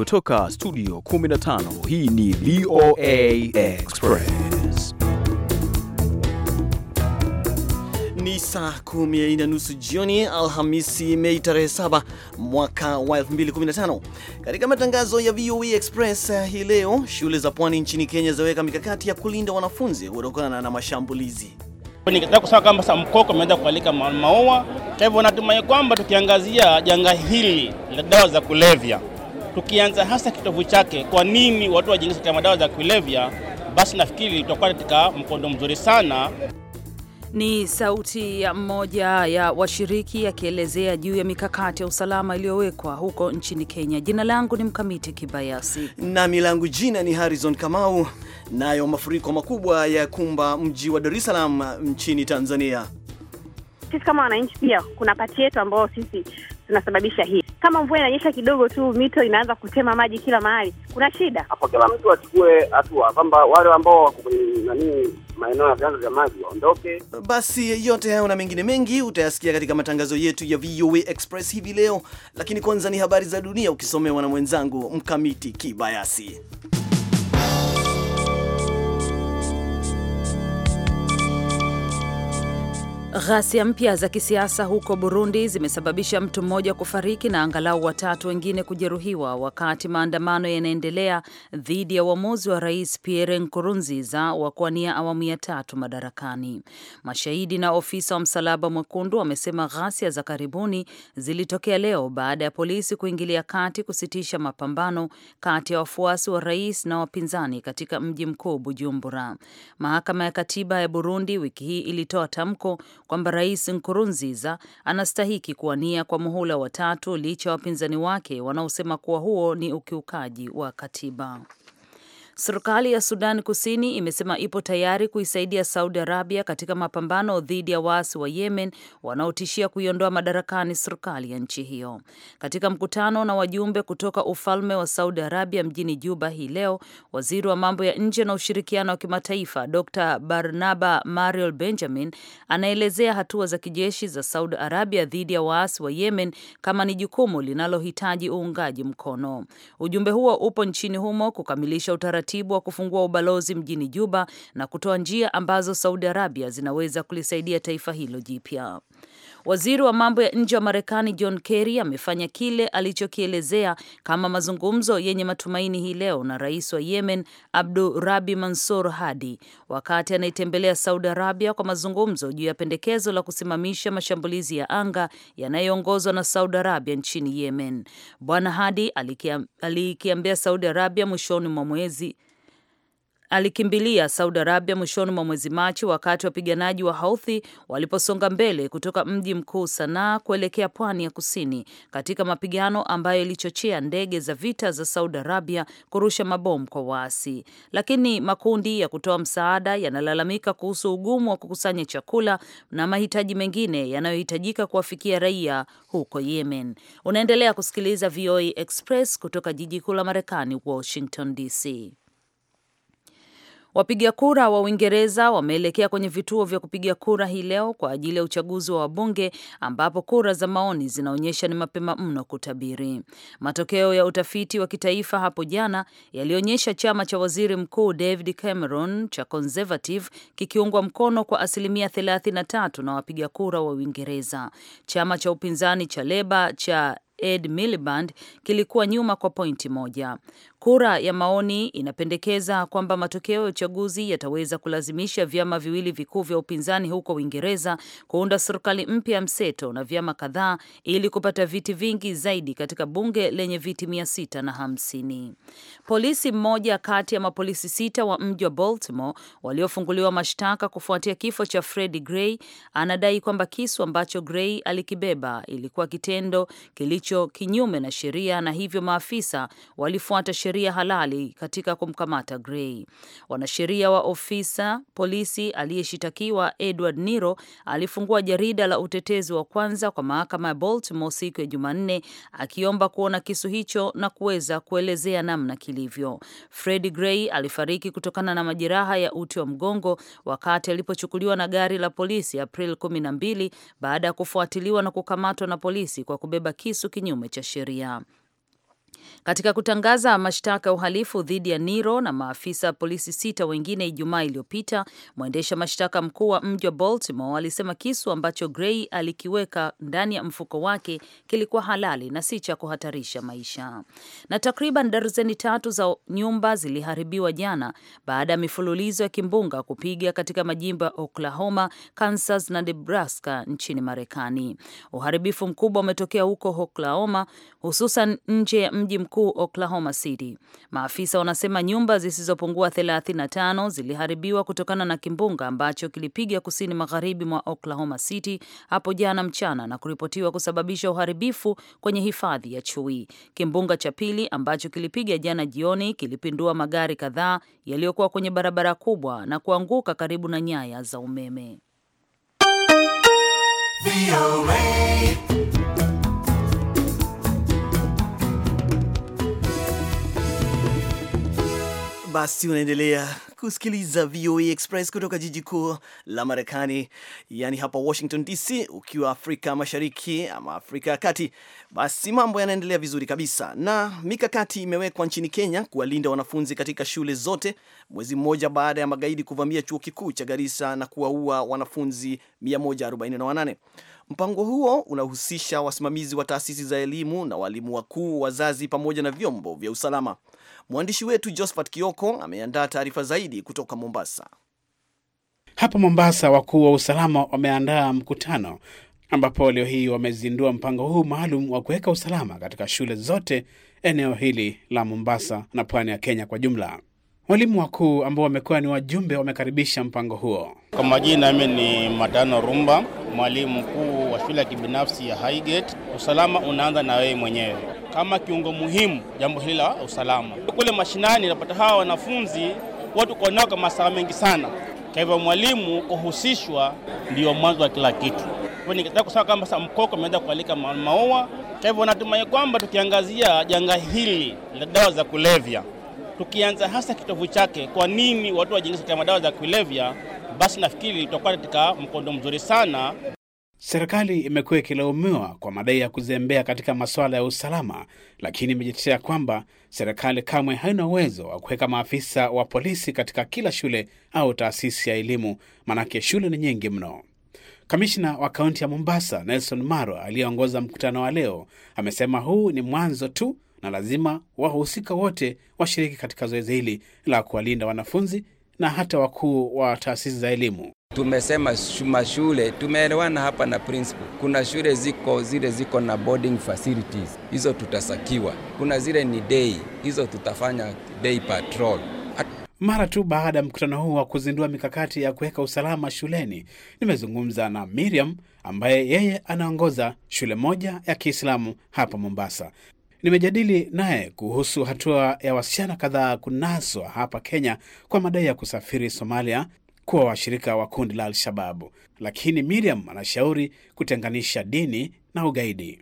Kutoka studio 15 hii ni VOA Express. Ni saa kumi na nusu jioni Alhamisi, Mei tarehe 7 mwaka wa 2015. Katika matangazo ya VOA Express eh, hii leo, shule za pwani nchini Kenya zaweka mikakati ya kulinda wanafunzi kutokana na mashambulizi. Nikitaka kusema kwamba mkoko ameweza kualika maua, kwa hivyo natumai kwamba tukiangazia janga hili la dawa za kulevya tukianza hasa kitovu chake, kwa nini watu wajiingiza katika madawa za kulevya, basi nafikiri tutakuwa katika mkondo mzuri sana. Ni sauti ya mmoja ya washiriki akielezea juu ya mikakati ya usalama iliyowekwa huko nchini Kenya. Jina langu ni Mkamiti Kibayasi nami langu jina ni Harrison Kamau. Nayo mafuriko makubwa ya kumba mji wa Dar es Salaam nchini Tanzania. Sisi kama wananchi pia kuna pati yetu ambayo sisi tunasababisha hii kama mvua inanyesha kidogo tu, mito inaanza kutema maji kila mahali, kuna shida hapo. Kila mtu achukue hatua kwamba wale ambao wako kwenye nani maeneo ya vyanzo vya maji waondoke. Basi yote hayo na mengine mengi utayasikia katika matangazo yetu ya VOA Express hivi leo, lakini kwanza ni habari za dunia ukisomewa na mwenzangu Mkamiti Kibayasi. Ghasia mpya za kisiasa huko Burundi zimesababisha mtu mmoja kufariki na angalau watatu wengine kujeruhiwa wakati maandamano yanaendelea dhidi ya uamuzi wa Rais Pierre Nkurunziza wa kuwania awamu ya tatu madarakani. Mashahidi na ofisa wa Msalaba Mwekundu wamesema ghasia za karibuni zilitokea leo baada ya polisi kuingilia kati kusitisha mapambano kati ya wafuasi wa rais na wapinzani katika mji mkuu Bujumbura. Mahakama ya Katiba ya Burundi wiki hii ilitoa tamko kwamba Rais Nkurunziza anastahiki kuwania kwa muhula wa tatu licha ya wapinzani wake wanaosema kuwa huo ni ukiukaji wa katiba. Serikali ya Sudan Kusini imesema ipo tayari kuisaidia Saudi Arabia katika mapambano dhidi ya waasi wa Yemen wanaotishia kuiondoa madarakani serikali ya nchi hiyo. Katika mkutano na wajumbe kutoka ufalme wa Saudi Arabia mjini Juba hii leo, waziri wa mambo ya nje na ushirikiano wa kimataifa Dr Barnaba Mariel Benjamin anaelezea hatua za kijeshi za Saudi Arabia dhidi ya waasi wa Yemen kama ni jukumu linalohitaji uungaji mkono. Ujumbe huo upo nchini humo kukamilisha utaratibu utaratibu wa kufungua ubalozi mjini Juba na kutoa njia ambazo Saudi Arabia zinaweza kulisaidia taifa hilo jipya. Waziri wa mambo ya nje wa Marekani John Kerry amefanya kile alichokielezea kama mazungumzo yenye matumaini hii leo na rais wa Yemen Abdu Rabi Mansur Hadi wakati anaitembelea Saudi Arabia kwa mazungumzo juu ya pendekezo la kusimamisha mashambulizi ya anga yanayoongozwa na Saudi Arabia nchini Yemen. Bwana Hadi alikiambia Saudi Arabia mwishoni mwa mwezi alikimbilia Saudi Arabia mwishoni mwa mwezi Machi wakati wapiganaji wa Houthi waliposonga mbele kutoka mji mkuu Sanaa kuelekea pwani ya kusini katika mapigano ambayo ilichochea ndege za vita za Saudi Arabia kurusha mabomu kwa waasi. Lakini makundi ya kutoa msaada yanalalamika kuhusu ugumu wa kukusanya chakula na mahitaji mengine yanayohitajika kuwafikia raia huko Yemen. Unaendelea kusikiliza VOA e Express kutoka jiji kuu la Marekani, Washington DC. Wapiga kura wa Uingereza wameelekea kwenye vituo vya kupiga kura hii leo kwa ajili ya uchaguzi wa wabunge ambapo kura za maoni zinaonyesha ni mapema mno kutabiri. Matokeo ya utafiti wa kitaifa hapo jana yalionyesha chama cha Waziri Mkuu David Cameron cha Conservative kikiungwa mkono kwa asilimia 33 na wapiga kura wa Uingereza. Chama cha upinzani cha Leba cha Ed Miliband kilikuwa nyuma kwa pointi moja. Kura ya maoni inapendekeza kwamba matokeo ya uchaguzi yataweza kulazimisha vyama viwili vikuu vya upinzani huko Uingereza kuunda serikali mpya ya mseto na vyama kadhaa ili kupata viti vingi zaidi katika bunge lenye viti mia sita na hamsini. Polisi mmoja kati ya mapolisi sita wa mji wa Baltimore waliofunguliwa mashtaka kufuatia kifo cha Freddie Gray anadai kwamba kisu ambacho Gray alikibeba ilikuwa kitendo kilicho hicho kinyume na sheria, na hivyo maafisa walifuata sheria halali katika kumkamata Gray. Wanasheria wa ofisa polisi aliyeshitakiwa Edward Niro alifungua jarida la utetezi wa kwanza kwa mahakama ya Baltimore siku ya Jumanne akiomba kuona kisu hicho na kuweza kuelezea namna kilivyo. fred Gray alifariki kutokana na majeraha ya uti wa mgongo wakati alipochukuliwa na gari la polisi April 12 baada ya kufuatiliwa na kukamatwa na polisi kwa kubeba kisu kinyume cha sheria katika kutangaza mashtaka ya uhalifu dhidi ya Niro na maafisa polisi sita wengine Ijumaa iliyopita. Mwendesha mashtaka mkuu wa mji wa Baltimore alisema kisu ambacho Gray alikiweka ndani ya mfuko wake kilikuwa halali na si cha kuhatarisha maisha. Na takriban darzeni tatu za nyumba ziliharibiwa jana baada ya mifululizo ya kimbunga kupiga katika majimbo ya Oklahoma, Kansas na Nebraska nchini Marekani. Uharibifu mkubwa umetokea huko Oklahoma, hususan nje ya mji mkuu Oklahoma City. Maafisa wanasema nyumba zisizopungua 35 ziliharibiwa kutokana na kimbunga ambacho kilipiga kusini magharibi mwa Oklahoma City hapo jana mchana na kuripotiwa kusababisha uharibifu kwenye hifadhi ya chui. Kimbunga cha pili ambacho kilipiga jana jioni kilipindua magari kadhaa yaliyokuwa kwenye barabara kubwa na kuanguka karibu na nyaya za umeme. Basi unaendelea kusikiliza VOA e Express kutoka jiji kuu la Marekani, yani hapa Washington DC. Ukiwa Afrika Mashariki ama Afrika ya Kati, basi mambo yanaendelea vizuri kabisa, na mikakati imewekwa nchini Kenya kuwalinda wanafunzi katika shule zote, mwezi mmoja baada ya magaidi kuvamia chuo kikuu cha Garissa na kuwaua wanafunzi 148. Mpango huo unahusisha wasimamizi wa taasisi za elimu na walimu wakuu, wazazi, pamoja na vyombo vya usalama. Mwandishi wetu Josphat Kioko ameandaa taarifa zaidi kutoka Mombasa. Hapa Mombasa, wakuu wa usalama wameandaa mkutano ambapo leo hii wamezindua mpango huu maalum wa kuweka usalama katika shule zote eneo hili la Mombasa na pwani ya Kenya kwa jumla. Walimu wakuu ambao wamekuwa ni wajumbe wamekaribisha mpango huo. Kwa majina, mimi ni Matano Rumba, mwalimu mkuu wa shule ya kibinafsi ya Highgate. Usalama unaanza na wewe mwenyewe kama kiungo muhimu, jambo hili la usalama. Kule mashinani napata hawa wanafunzi watu kwa nao kwa masaa mengi sana, kwa hivyo mwalimu kuhusishwa ndio mwanzo wa kila kitu. Nikitaka kusema kwamba sa mkoko ameweza kualika maua, kwa hivyo natumai kwamba tukiangazia janga hili la dawa za kulevya tukianza hasa kitovu chake, kwa nini watu wajiingiza katika madawa za kulevya, basi nafikiri tutakuwa katika mkondo mzuri sana. Serikali imekuwa ikilaumiwa kwa madai ya kuzembea katika masuala ya usalama, lakini imejitetea kwamba serikali kamwe haina uwezo wa kuweka maafisa wa polisi katika kila shule au taasisi ya elimu, manake shule ni nyingi mno. Kamishna wa kaunti ya Mombasa Nelson Maro aliyeongoza mkutano wa leo amesema huu ni mwanzo tu na lazima wahusika wote washiriki katika zoezi hili la kuwalinda wanafunzi na hata wakuu wa taasisi za elimu. Tumesema mashule, tumeelewana hapa na principal. Kuna shule ziko zile ziko na boarding facilities, hizo tutasakiwa. Kuna zile ni day, hizo tutafanya day patrol. mara tu baada ya mkutano huu wa kuzindua mikakati ya kuweka usalama shuleni, nimezungumza na Miriam ambaye yeye anaongoza shule moja ya Kiislamu hapa Mombasa. Nimejadili naye kuhusu hatua ya wasichana kadhaa kunaswa hapa Kenya kwa madai ya kusafiri Somalia kuwa washirika wa kundi la Al-Shababu, lakini Miriam anashauri kutenganisha dini na ugaidi.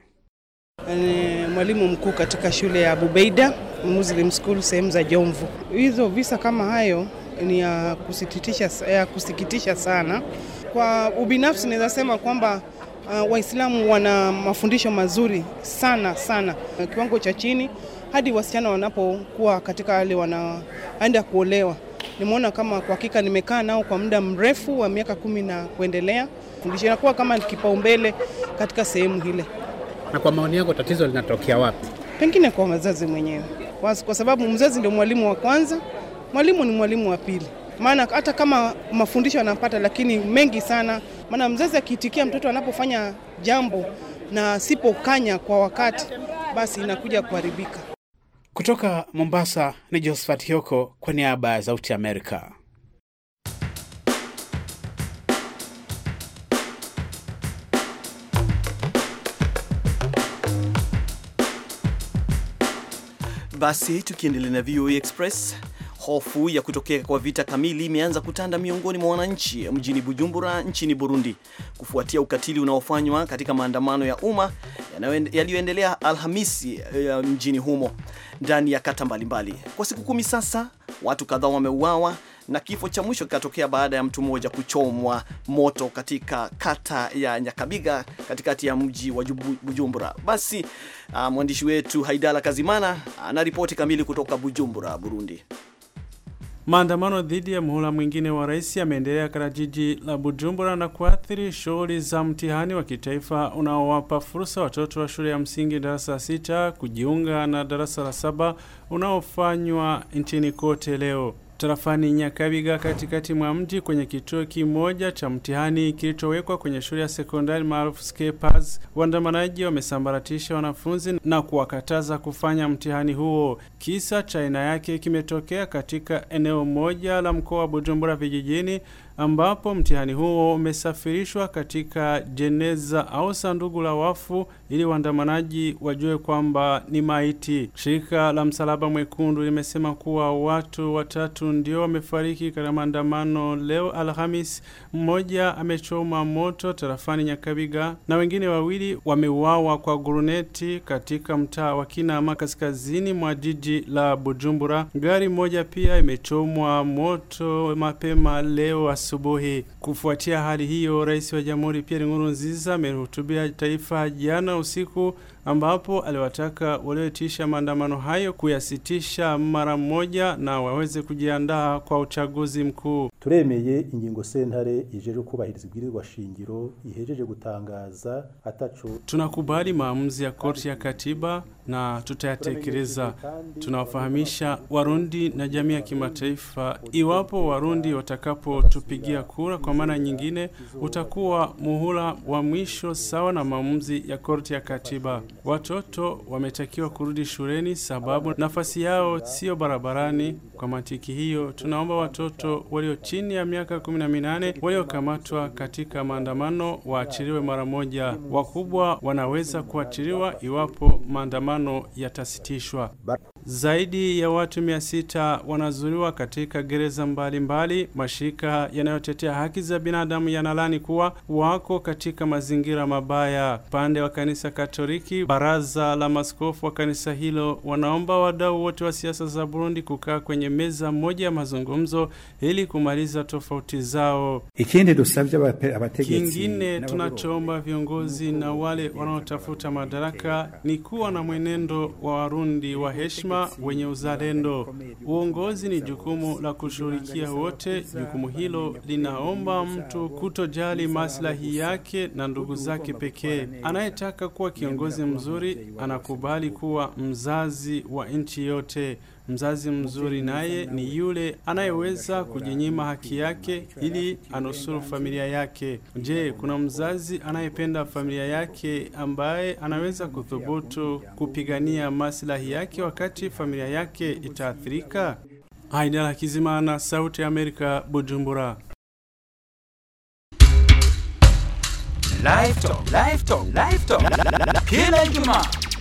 Ni mwalimu mkuu katika shule ya Bubeida Muslim School sehemu za Jomvu. Hizo visa kama hayo ni ya kusikitisha, ya kusikitisha sana. Kwa ubinafsi naweza sema kwamba Uh, Waislamu wana mafundisho mazuri sana sana, kiwango cha chini hadi wasichana wanapokuwa katika hali wanaenda kuolewa. Nimeona kama kwa hakika, nimekaa nao kwa muda mrefu wa miaka kumi na kuendelea, fundisho inakuwa kama kipaumbele katika sehemu hile. Na kwa maoni yako tatizo linatokea wapi? Pengine kwa wazazi mwenyewe, kwa sababu mzazi ndio mwalimu wa kwanza, mwalimu ni mwalimu wa pili, maana hata kama mafundisho anapata, lakini mengi sana maana mzazi akiitikia mtoto anapofanya jambo na sipokanya kwa wakati, basi inakuja kuharibika. Kutoka Mombasa ni Josephat Hyoko kwa niaba ya Sauti Amerika. Basi tukiendelea na VOA e Express hofu ya kutokea kwa vita kamili imeanza kutanda miongoni mwa wananchi mjini Bujumbura nchini Burundi kufuatia ukatili unaofanywa katika maandamano ya umma yaliyoendelea Alhamisi eh, mjini humo ndani ya kata mbalimbali. Kwa siku kumi sasa, watu kadhaa wameuawa na kifo cha mwisho kikatokea baada ya mtu mmoja kuchomwa moto katika kata ya Nyakabiga katikati ya mji wa Bujumbura. Basi uh, mwandishi wetu Haidala Kazimana anaripoti kamili kutoka Bujumbura, Burundi. Maandamano dhidi ya muhula mwingine wa rais yameendelea katika jiji la Bujumbura na kuathiri shughuli za mtihani wa kitaifa unaowapa fursa watoto wa shule ya msingi darasa sita kujiunga na darasa la saba unaofanywa nchini kote leo tarafani Nyakabiga, katikati mwa mji kwenye kituo kimoja cha mtihani kilichowekwa kwenye shule ya sekondari maarufu Skepers, waandamanaji wamesambaratisha wanafunzi na kuwakataza kufanya mtihani huo. Kisa cha aina yake kimetokea katika eneo moja la mkoa wa Bujumbura vijijini ambapo mtihani huo umesafirishwa katika jeneza au sanduku la wafu ili waandamanaji wajue kwamba ni maiti. Shirika la Msalaba Mwekundu limesema kuwa watu watatu ndio wamefariki katika maandamano leo Alhamis. Mmoja amechoma moto tarafani Nyakabiga na wengine wawili wameuawa kwa guruneti katika mtaa wa Kinama kaskazini mwa jiji la Bujumbura. Gari moja pia imechomwa moto mapema leo asubuhi. Kufuatia hali hiyo, rais wa jamhuri Pierre Nkurunziza amehutubia taifa jana usiku, ambapo aliwataka walioitisha maandamano hayo kuyasitisha mara moja na waweze kujiandaa kwa uchaguzi mkuu turemeye ingingo sentare ijeje kubahiriza ibwirizwa shingiro ihejeje gutangaza atacho. Tunakubali maamuzi ya korti ya katiba na tutayatekeleza. Tunawafahamisha Warundi na jamii ya kimataifa, iwapo Warundi watakapotupigia kura kwa mara nyingine, utakuwa muhula wa mwisho sawa na maamuzi ya korti ya katiba. Watoto wametakiwa kurudi shuleni, sababu nafasi yao siyo barabarani. Kwa mantiki hiyo, tunaomba watoto walio chini ya miaka na minane waliokamatwa katika maandamano waachiliwe mara moja. Wakubwa wanaweza kuachiliwa iwapo maandamano yatasitishwa. Zaidi ya watu 600 wanazuriwa katika gereza mbalimbali. Mashirika yanayotetea haki za binadamu yanalani kuwa wako katika mazingira mabaya. Upande wa kanisa Katoliki, baraza la maskofu wa kanisa hilo wanaomba wadau wote wa siasa za Burundi kukaa kwenye meza moja ya mazungumzo ili kumaliza tofauti zao. Kingine tunachoomba viongozi na wale wanaotafuta madaraka ni kuwa na mwenendo wa Warundi wa heshima heshima, wenye uzalendo. Uongozi ni jukumu la kushughulikia wote. Jukumu hilo linaomba mtu kutojali maslahi yake na ndugu zake pekee. Anayetaka kuwa kiongozi mzuri anakubali kuwa mzazi wa nchi yote. Mzazi mzuri naye ni yule anayeweza kujinyima haki yake ili anusuru familia yake. Je, kuna mzazi anayependa familia yake ambaye anaweza kuthubutu kupigania maslahi yake wakati familia yake itaathirika? Haidara Kizimana, Sauti ya Amerika, Bujumbura. Live Talk, Live Talk, Live Talk. Kila Ijumaa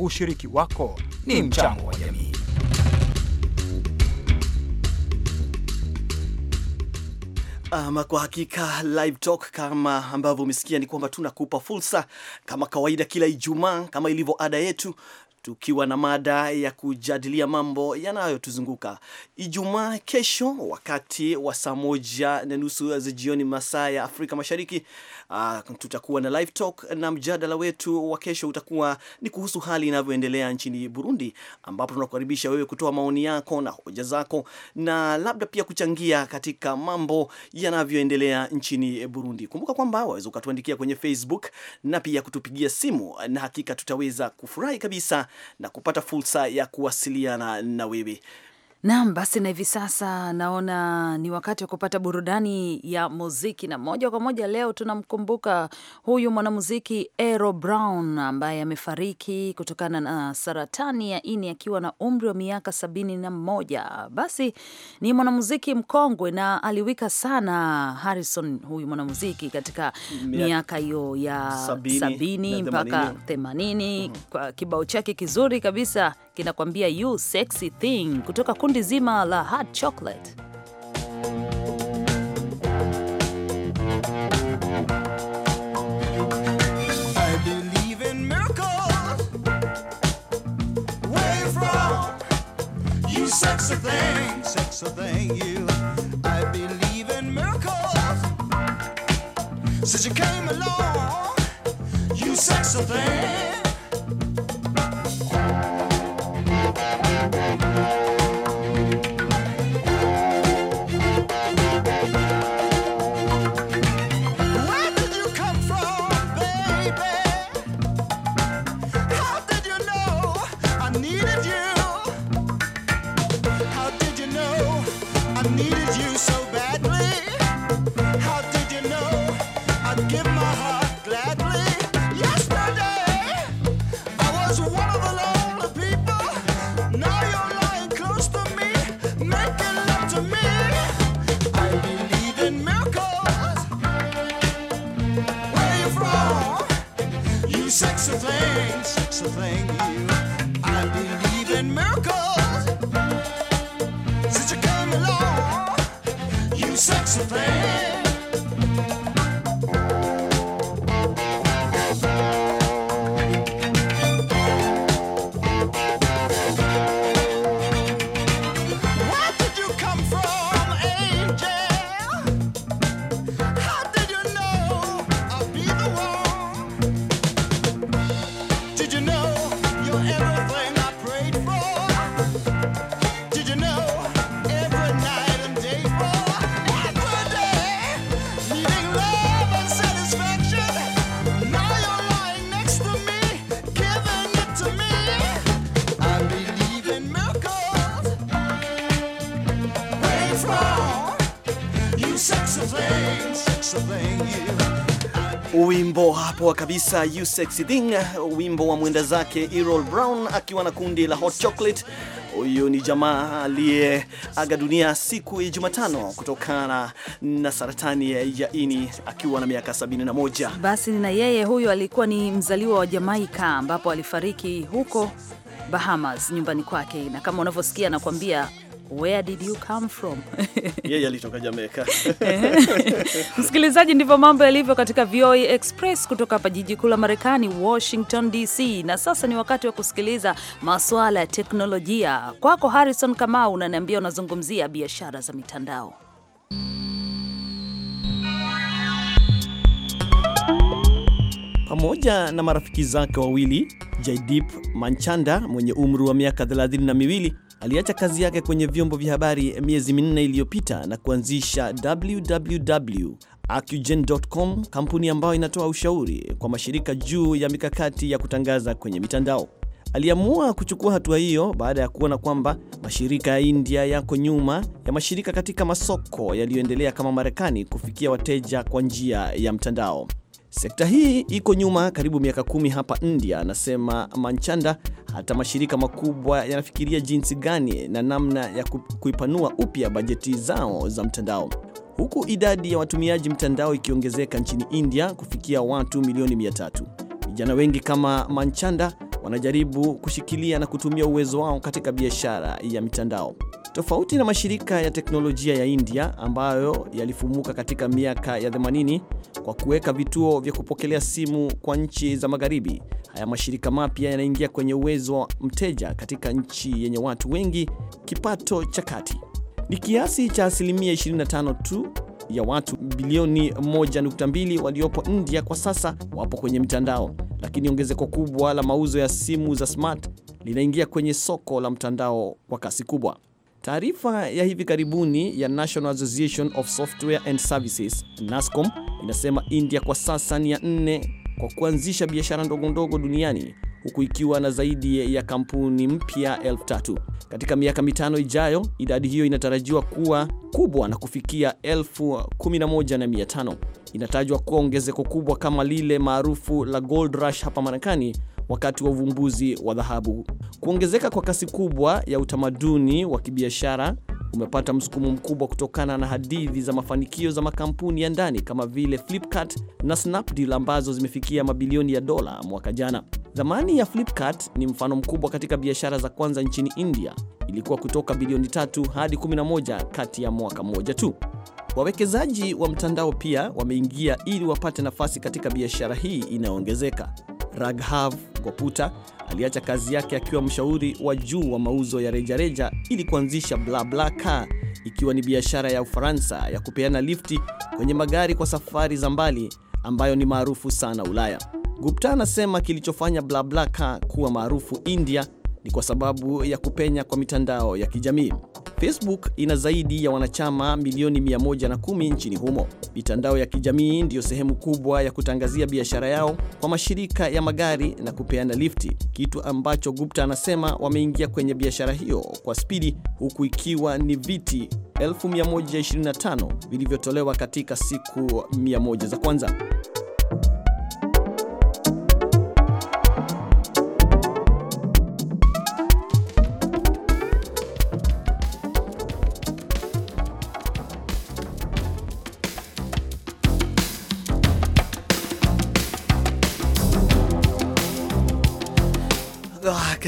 Ushiriki wako ni hmm, mchango wa jamii. Ama kwa hakika live talk kama ambavyo umesikia ni kwamba tunakupa fursa kama kawaida kila Ijumaa kama ilivyo ada yetu tukiwa na mada ya kujadilia mambo yanayotuzunguka Ijumaa kesho wakati wa saa moja na nusu za jioni masaa ya Afrika Mashariki. Uh, tutakuwa na live talk na mjadala wetu wa kesho utakuwa ni kuhusu hali inavyoendelea nchini Burundi, ambapo tunakukaribisha wewe kutoa maoni yako na hoja zako na labda pia kuchangia katika mambo yanavyoendelea nchini Burundi. Kumbuka kwamba waweza ukatuandikia kwenye Facebook na pia kutupigia simu, na hakika tutaweza kufurahi kabisa na kupata fursa ya kuwasiliana na wewe. Naam, basi na hivi sasa naona ni wakati wa kupata burudani ya muziki, na moja kwa moja leo tunamkumbuka huyu mwanamuziki Ero Brown ambaye amefariki kutokana na saratani ya ini akiwa na umri wa miaka sabini na moja. Basi ni mwanamuziki mkongwe na aliwika sana Harrison, huyu mwanamuziki katika miaka hiyo ya sabini, sabini mpaka themanini, themanini kwa kibao chake kizuri kabisa kinakwambia you sexy thing kutoka kundi zima la Hot Chocolate. Sexy thing, sexy thing, you. I believe in miracles. Since you came along, you sex a thing. wimbo hapo kabisa, you sexy thing, wimbo wa mwenda zake Errol Brown akiwa na kundi la Hot Chocolate. Huyu ni jamaa aliyeaga dunia siku ya Jumatano kutokana na saratani ya ini akiwa na miaka 71. Basi na yeye huyo alikuwa ni mzaliwa wa Jamaika ambapo alifariki huko Bahamas nyumbani kwake, na kama unavyosikia anakuambia Where did you come from? Yeye alitoka Jamaica. Msikilizaji, ndivyo mambo yalivyo katika VOA e Express kutoka hapa jiji kuu la Marekani, Washington DC. Na sasa ni wakati wa kusikiliza masuala ya teknolojia. Kwako Harrison Kamau, unaniambia unazungumzia biashara za mitandao. Pamoja na marafiki zake wawili Jaideep Manchanda mwenye umri wa miaka thelathini na miwili aliacha kazi yake kwenye vyombo vya habari miezi minne iliyopita na kuanzisha www Acugen.com, kampuni ambayo inatoa ushauri kwa mashirika juu ya mikakati ya kutangaza kwenye mitandao. Aliamua kuchukua hatua hiyo baada ya kuona kwamba mashirika ya India yako nyuma ya mashirika katika masoko yaliyoendelea kama Marekani kufikia wateja kwa njia ya mtandao. Sekta hii iko nyuma karibu miaka kumi hapa India, anasema Manchanda. Hata mashirika makubwa yanafikiria jinsi gani na namna ya kuipanua upya bajeti zao za mtandao, huku idadi ya watumiaji mtandao ikiongezeka nchini India kufikia watu milioni mia tatu. Vijana wengi kama Manchanda wanajaribu kushikilia na kutumia uwezo wao katika biashara ya mitandao. Tofauti na mashirika ya teknolojia ya India ambayo yalifumuka katika miaka ya 80 kwa kuweka vituo vya kupokelea simu kwa nchi za magharibi, haya mashirika mapya yanaingia kwenye uwezo wa mteja katika nchi yenye watu wengi. Kipato cha kati ni kiasi cha asilimia 25 tu ya watu bilioni 1.2 waliopo India kwa sasa wapo kwenye mtandao, lakini ongezeko kubwa la mauzo ya simu za smart linaingia kwenye soko la mtandao kwa kasi kubwa. Taarifa ya hivi karibuni ya National Association of Software and Services NASCOM inasema India kwa sasa ni ya nne kwa kuanzisha biashara ndogondogo duniani huku ikiwa na zaidi ya kampuni mpya elfu tatu. Katika miaka mitano ijayo, idadi hiyo inatarajiwa kuwa kubwa na kufikia elfu kumi na moja na mia tano inatajwa kuwa ongezeko kubwa kama lile maarufu la Gold Rush hapa Marekani wakati wa uvumbuzi wa dhahabu. Kuongezeka kwa kasi kubwa ya utamaduni wa kibiashara umepata msukumo mkubwa kutokana na hadithi za mafanikio za makampuni ya ndani kama vile Flipkart na Snapdeal ambazo zimefikia mabilioni ya dola mwaka jana. Thamani ya Flipkart ni mfano mkubwa katika biashara za kwanza nchini India, ilikuwa kutoka bilioni tatu hadi 11 kati ya mwaka mmoja tu. Wawekezaji wa mtandao pia wameingia ili wapate nafasi katika biashara hii inayoongezeka. Raghav Goputa aliacha kazi yake akiwa mshauri wa juu wa mauzo ya rejareja ili kuanzisha BlaBlaCar, ikiwa ni biashara ya Ufaransa ya kupeana lifti kwenye magari kwa safari za mbali ambayo ni maarufu sana Ulaya. Gupta anasema kilichofanya BlaBlaCar kuwa maarufu India ni kwa sababu ya kupenya kwa mitandao ya kijamii. Facebook ina zaidi ya wanachama milioni 110 nchini humo. Mitandao ya kijamii ndiyo sehemu kubwa ya kutangazia biashara yao kwa mashirika ya magari na kupeana lifti, kitu ambacho Gupta anasema wameingia kwenye biashara hiyo kwa spidi, huku ikiwa ni viti 1125 vilivyotolewa katika siku 100 za kwanza.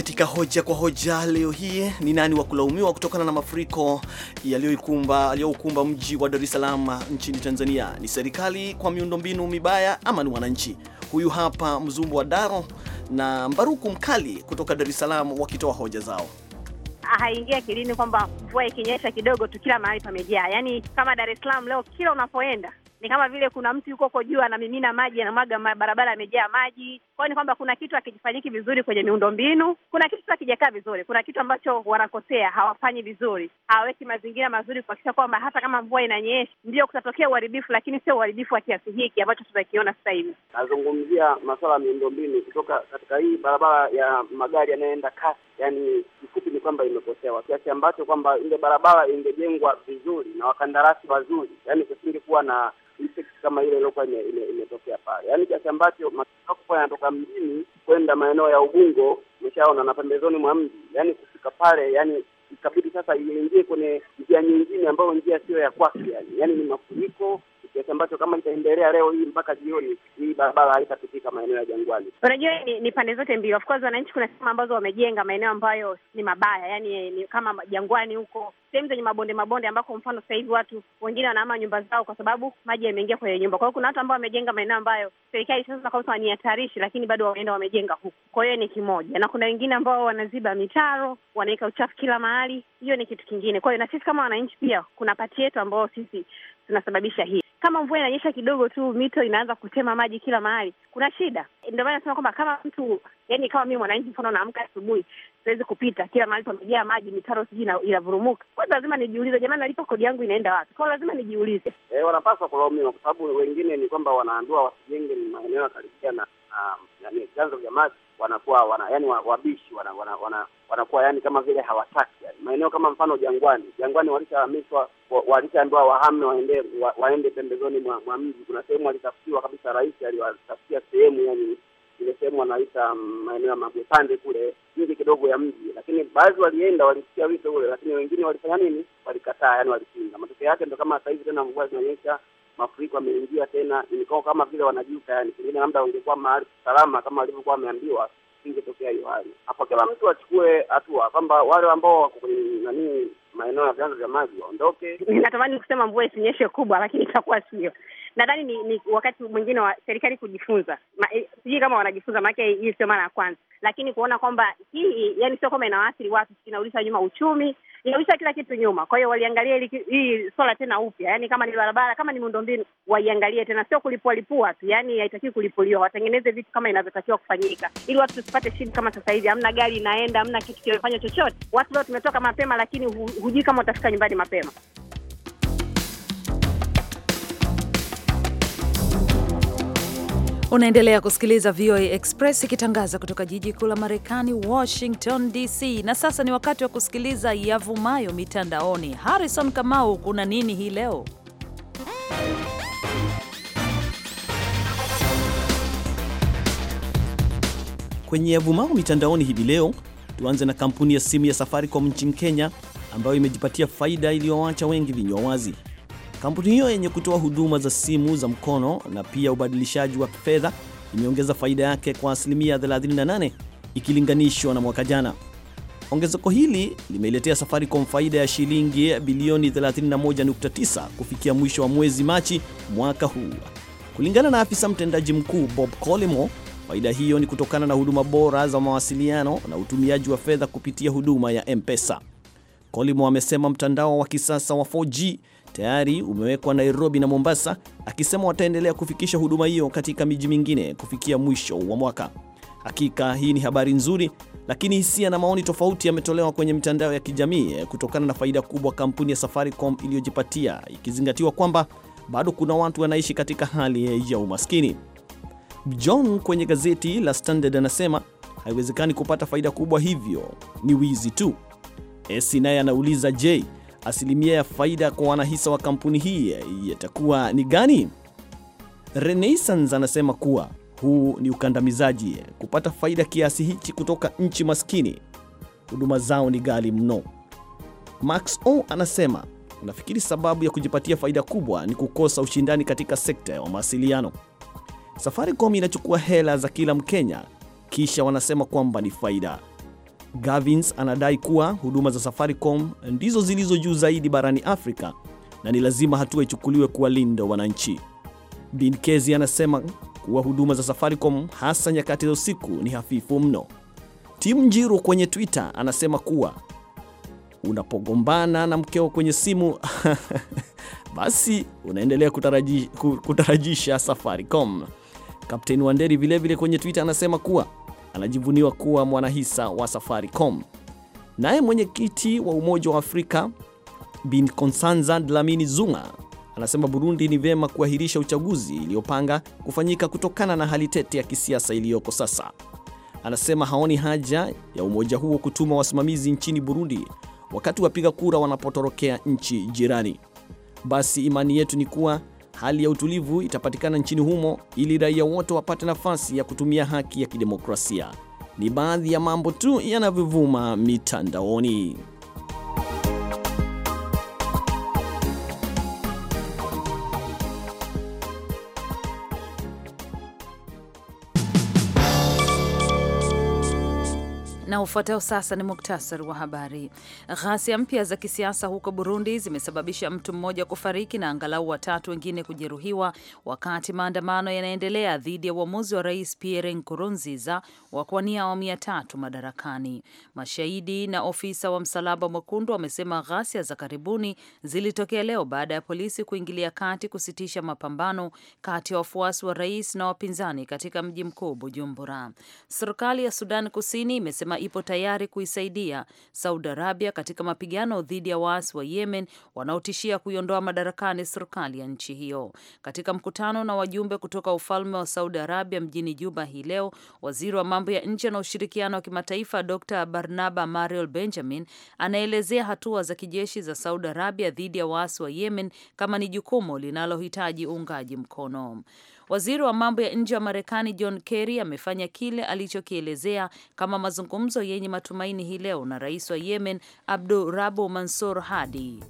Katika hoja kwa hoja leo hii, ni nani wa kulaumiwa kutokana na mafuriko yaliyoukumba mji wa Dar es Salaam nchini Tanzania? Ni serikali kwa miundombinu mibaya ama ni wananchi? Huyu hapa Mzumbu wa Daro na Mbaruku Mkali kutoka Dar es Salaam wakitoa hoja zao. Haingia akilini kwamba mvua ikinyesha kidogo tu kila mahali pamejaa. Yaani kama Dar es Salaam leo kila unapoenda ni kama vile kuna mtu yuko huko juu anamimina maji anamwaga, barabara amejaa maji, kwao ni kwamba kuna kitu hakijifanyiki vizuri kwenye miundo mbinu kuna kitu tu hakijakaa vizuri, kuna kitu ambacho wanakosea, hawafanyi vizuri, hawaweki mazingira mazuri kuhakikisha kwamba hata kama mvua inanyesha ndio kutatokea uharibifu, lakini sio uharibifu wa kiasi hiki ambacho tunakiona sasa hivi. Nazungumzia masuala ya miundo mbinu kutoka katika hii barabara ya magari yanayoenda kasi, yani kifupi ni kwamba imekosewa kiasi ambacho kwamba ile barabara ingejengwa vizuri na wakandarasi wazuri, yani kusingekuwa na kama ile iliokuwa imetokea pale, yani kiasi ambacho yanatoka mjini kwenda maeneo ya Ubungo, umeshaona na pembezoni mwa mji, yani kufika pale, yani ikabidi sasa iingie kwenye njia nyingine ambayo njia siyo ya kwake, yani yaani ni mafuriko kiasi ambacho kama itaendelea leo hii mpaka jioni, hii barabara haitapitika maeneo ya Jangwani. Unajua ni, ni pande zote mbili. Of course wananchi kuna sehemu ambazo wamejenga maeneo ambayo ni mabaya, yani ni kama Jangwani huko sehemu zenye mabonde mabonde, ambako mfano sasa hivi watu wengine wanahama nyumba zao kwa sababu maji yameingia kwenye nyumba. Kwa hiyo kuna watu ambao wamejenga maeneo ambayo serikali sasa ni hatarishi, lakini bado wameenda wamejenga huku. Kwa hiyo ni kimoja, na kuna wengine ambao wanaziba mitaro, wanaweka uchafu kila mahali. Hiyo ni kitu kingine. Kwa hiyo na sisi kama wananchi pia kuna pati yetu ambao sisi zinasababisha hii. Kama mvua inanyesha kidogo tu, mito inaanza kutema maji kila mahali, kuna shida. Ndio maana nasema kwamba kama mtu yani, kama mimi mwananchi, mfano naamka asubuhi, siwezi kupita, kila mahali pamejaa maji, mitaro sijui inavurumuka. Kwanza lazima nijiulize, jamani, nalipa kodi yangu inaenda wapi? Kwao lazima nijiulize. E, wanapaswa kulaumiwa kwa sababu wengine ni kwamba wanaandua wasijenge maeneo ya karibia na um, vyanzo vya maji wanakuwa wana, yani wabishi wana, wana, wana, wanakuwa yani kama vile hawataki yani. Maeneo kama mfano Jangwani, Jangwani walishahamishwa, walishaambiwa wahame waende wa, waende pembezoni mwa, mwa mji. Kuna sehemu walitafutiwa kabisa, rais aliwatafutia sehemu yani ile sehemu wanaita mm, maeneo ya Mabwepande kule nje kidogo ya mji, lakini baadhi walienda, walisikia wito ule, lakini wengine walifanya nini? Walikataa, yani walipinga. Matokeo yake ndo kama sasa hivi tena mvua zinanyesha mafuriko ameingia tena, ilikuwa kama vile wanajuka yani pengine labda wangekuwa mahali salama kama walivyokuwa wameambiwa, ingetokea hiyo hali hapo. Kila mtu achukue hatua kwamba wale ambao wako kwenye nani maeneo ya vyanzo vya maji waondoke. Natamani kusema mvua isinyeshe kubwa, lakini itakuwa sio nadhani ni, ni wakati mwingine wa serikali kujifunza. Eh, sijui kama wanajifunza, maanake hii sio mara ya kwanza, lakini kuona kwamba hii yani sio kama inawaathiri watu, inaulisha nyuma uchumi, inaulisha kila kitu nyuma. Kwa hiyo waliangalia hii swala tena upya, yani kama ni barabara, kama ni miundombinu, waiangalie tena, sio kulipualipua tu, yani haitakiwi kulipuliwa, watengeneze vitu kama inavyotakiwa kufanyika, ili watu tusipate shida kama sasa hivi. Hamna gari inaenda, hamna kitu kinafanya chochote. Watu leo tumetoka mapema, lakini hujui kama utafika nyumbani mapema. Unaendelea kusikiliza VOA Express ikitangaza kutoka jiji kuu la Marekani, Washington DC. Na sasa ni wakati wa kusikiliza yavumayo mitandaoni. Harrison Kamau, kuna nini hii leo? Kwenye yavumao mitandaoni hivi leo, tuanze na kampuni ya simu ya Safaricom nchini Kenya ambayo imejipatia faida iliyowacha wengi vinywa wazi. Kampuni hiyo yenye kutoa huduma za simu za mkono na pia ubadilishaji wa fedha imeongeza faida yake kwa asilimia 38 ikilinganishwa na mwaka jana. Ongezeko hili limeiletea Safaricom faida ya shilingi bilioni 31.9 kufikia mwisho wa mwezi Machi mwaka huu. Kulingana na afisa mtendaji mkuu Bob Colimo, faida hiyo ni kutokana na huduma bora za mawasiliano na utumiaji wa fedha kupitia huduma ya M-Pesa. Colimo amesema mtandao wa kisasa wa 4G tayari umewekwa Nairobi na Mombasa, akisema wataendelea kufikisha huduma hiyo katika miji mingine kufikia mwisho wa mwaka. Hakika hii ni habari nzuri, lakini hisia na maoni tofauti yametolewa kwenye mitandao ya kijamii eh, kutokana na faida kubwa kampuni ya Safaricom iliyojipatia, ikizingatiwa kwamba bado kuna watu wanaishi katika hali eh, ya umaskini. John kwenye gazeti la Standard anasema haiwezekani kupata faida kubwa hivyo, ni wizi tu. Esi naye anauliza je, asilimia ya faida kwa wanahisa wa kampuni hii yatakuwa ni gani? Renaissance anasema kuwa huu ni ukandamizaji kupata faida kiasi hichi kutoka nchi maskini. Huduma zao ni ghali mno. Max O anasema unafikiri sababu ya kujipatia faida kubwa ni kukosa ushindani katika sekta ya mawasiliano. Safaricom inachukua hela za kila Mkenya kisha wanasema kwamba ni faida. Gavins anadai kuwa huduma za Safaricom ndizo zilizo juu zaidi barani Afrika na ni lazima hatua ichukuliwe kuwalinda wananchi. bin kezi anasema kuwa huduma za Safaricom hasa nyakati za usiku ni hafifu mno. Tim Njiru kwenye Twitter anasema kuwa unapogombana na mkeo kwenye simu basi unaendelea kutaraji, kutarajisha Safaricom. Kapteni Wanderi vilevile kwenye Twitter anasema kuwa anajivuniwa kuwa mwanahisa wa Safaricom. Naye mwenyekiti wa Umoja wa Afrika Bin Konsanza Dlamini Zuma anasema Burundi ni vyema kuahirisha uchaguzi iliyopanga kufanyika kutokana na hali tete ya kisiasa iliyoko sasa. Anasema haoni haja ya umoja huo kutuma wasimamizi nchini Burundi wakati wapiga kura wanapotorokea nchi jirani. Basi imani yetu ni kuwa hali ya utulivu itapatikana nchini humo ili raia wote wapate nafasi ya kutumia haki ya kidemokrasia. Ni baadhi ya mambo tu yanavyovuma mitandaoni. ufuatao sasa ni muktasari wa habari. Ghasia mpya za kisiasa huko Burundi zimesababisha mtu mmoja kufariki na angalau watatu wengine kujeruhiwa wakati maandamano yanaendelea dhidi ya uamuzi wa Rais Pierre Nkurunziza wa kuwania awamu ya tatu madarakani. Mashahidi na ofisa wa Msalaba Mwekundu wamesema ghasia za karibuni zilitokea leo baada ya polisi kuingilia kati kusitisha mapambano kati ya wafuasi wa rais na wapinzani katika mji mkuu Bujumbura. Serikali ya Sudan Kusini imesema ipo tayari kuisaidia Saudi Arabia katika mapigano dhidi ya waasi wa Yemen wanaotishia kuiondoa madarakani serikali ya nchi hiyo. Katika mkutano na wajumbe kutoka ufalme wa Saudi Arabia mjini Juba hii leo, waziri wa mambo ya nje na ushirikiano wa kimataifa Dr Barnaba Mariel Benjamin anaelezea hatua za kijeshi za Saudi Arabia dhidi ya waasi wa Yemen kama ni jukumu linalohitaji uungaji mkono. Waziri wa mambo ya nje wa Marekani John Kerry amefanya kile alichokielezea kama mazungumzo yenye matumaini hii leo na rais wa Yemen Abdu Rabu Mansur Hadi.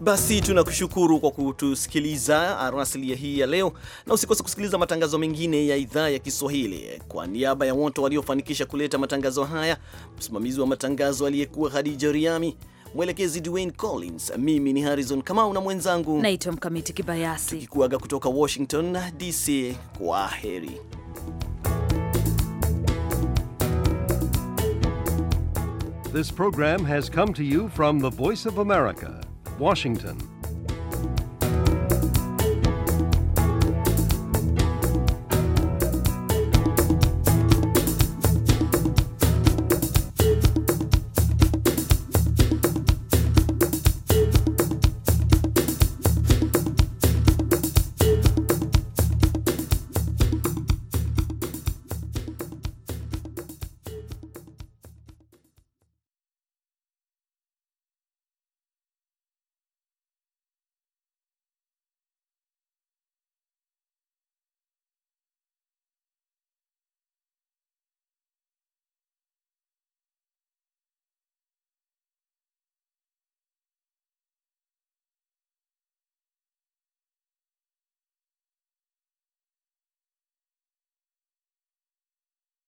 Basi tunakushukuru kwa kutusikiliza arasili hii ya leo, na usikose kusikiliza matangazo mengine ya idhaa ya Kiswahili. Kwa niaba ya wote waliofanikisha kuleta matangazo haya, msimamizi wa matangazo aliyekuwa hadija Riami, mwelekezi Dwayne Collins. Mimi ni Harrison Kamau na mwenzangu naitwa Mkamiti Kibayasi, tukikuaga kutoka Washington DC. Kwa heri. This program has come to you from the Voice of America, Washington.